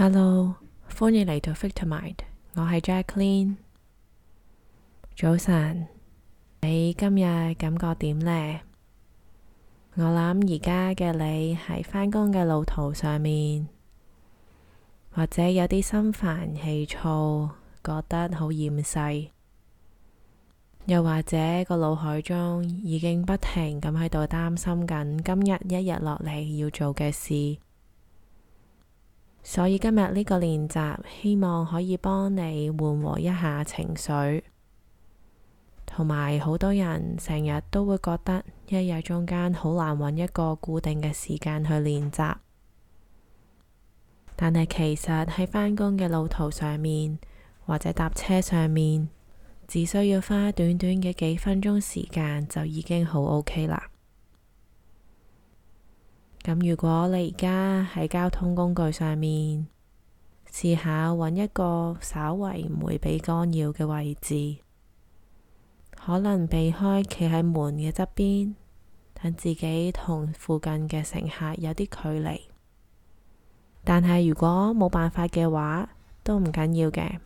Hello，歡迎嚟到 Vitamind，我係 Jaclyn。早晨，你今日感覺點呢？我諗而家嘅你喺翻工嘅路途上面，或者有啲心煩氣躁，覺得好厭世，又或者個腦海中已經不停咁喺度擔心緊今日一日落嚟要做嘅事。所以今日呢個練習，希望可以幫你緩和一下情緒，同埋好多人成日都會覺得一日中間好難搵一個固定嘅時間去練習，但係其實喺翻工嘅路途上面，或者搭車上面，只需要花短短嘅幾分鐘時間就已經好 OK 啦。咁如果你而家喺交通工具上面，試下搵一個稍為唔會俾干擾嘅位置，可能避開企喺門嘅側邊，等自己同附近嘅乘客有啲距離。但係如果冇辦法嘅話，都唔緊要嘅。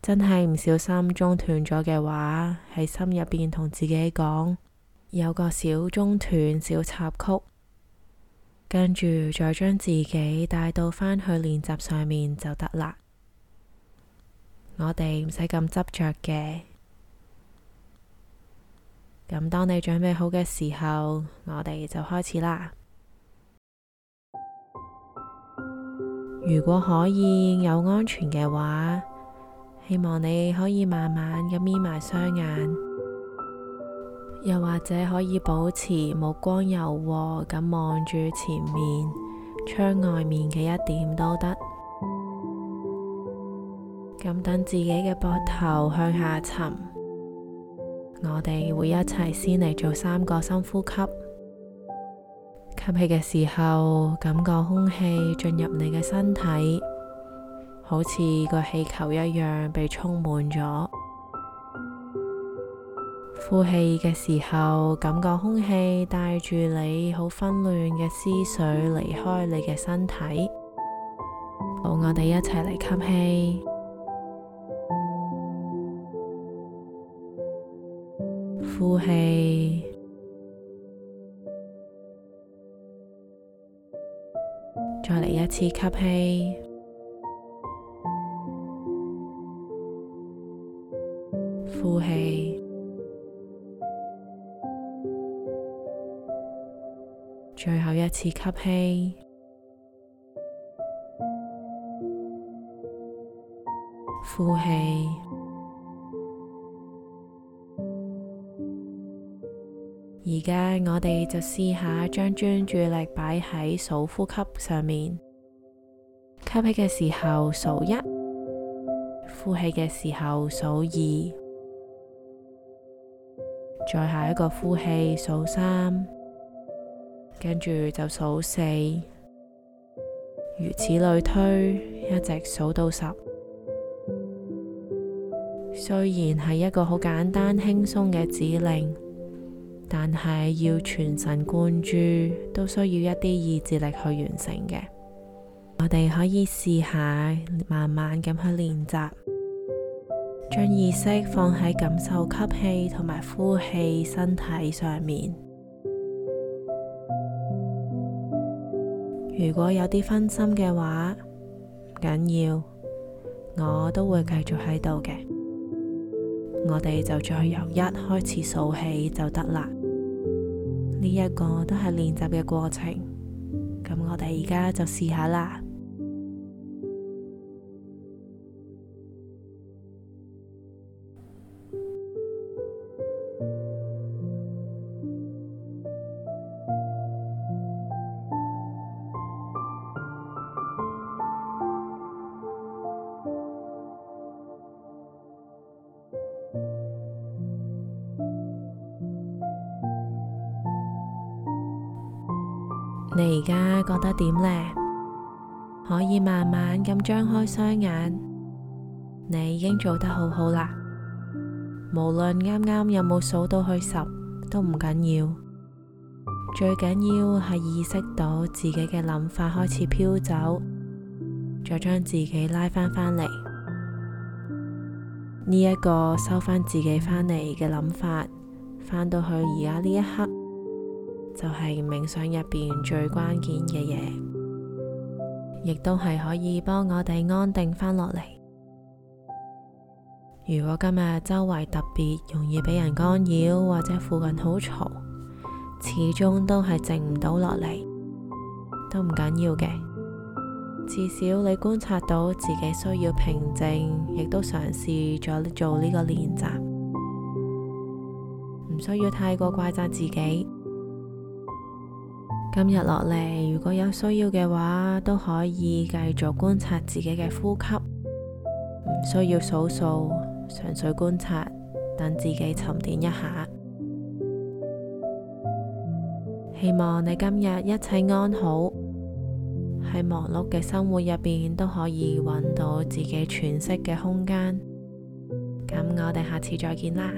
真係唔小心中斷咗嘅話，喺心入邊同自己講，有個小中斷，小插曲。跟住再將自己帶到返去練習上面就得啦。我哋唔使咁執着嘅。咁當你準備好嘅時候，我哋就開始啦。如果可以有安全嘅話，希望你可以慢慢咁眯埋雙眼。又或者可以保持目光柔和咁望住前面窗外面嘅一點都得。咁等自己嘅膊頭向下沉，我哋會一齊先嚟做三個深呼吸。吸氣嘅時候，感覺空氣進入你嘅身體，好似個氣球一樣被充滿咗。呼氣嘅時候，感覺空氣帶住你好紛亂嘅思緒離開你嘅身體。好，我哋一齊嚟吸氣，呼氣，再嚟一次吸氣。最後一次吸氣，呼氣。而家我哋就試下將專注力擺喺數呼吸上面。吸氣嘅時候數一，呼氣嘅時候數二，再下一個呼氣數三。跟住就數四，如此類推，一直數到十。雖然係一個好簡單輕鬆嘅指令，但係要全神貫注，都需要一啲意志力去完成嘅。我哋可以試下，慢慢咁去練習，將意識放喺感受吸氣同埋呼氣身體上面。如果有啲分心嘅話，唔緊要，我都會繼續喺度嘅。我哋就再由一開始數起就得啦。呢一個都係練習嘅過程，咁我哋而家就試下啦。你而家覺得點呢？可以慢慢咁張開雙眼，你已經做得好好啦。無論啱啱有冇數到去十都唔緊要，最緊要係意識到自己嘅諗法開始飄走，再將自己拉返返嚟。呢一個收返自己返嚟嘅諗法，返到去而家呢一刻。就係冥想入面最關鍵嘅嘢，亦都係可以幫我哋安定返落嚟。如果今日周圍特別容易俾人干擾，或者附近好嘈，始終都係靜唔到落嚟，都唔緊要嘅。至少你觀察到自己需要平靜，亦都嘗試咗做呢個練習，唔需要太過怪責自己。今日落嚟，如果有需要嘅話，都可以繼續觀察自己嘅呼吸，唔需要數數，純粹觀察，等自己沉澱一下。希望你今日一切安好，喺忙碌嘅生活入面都可以揾到自己喘息嘅空間。咁我哋下次再見啦。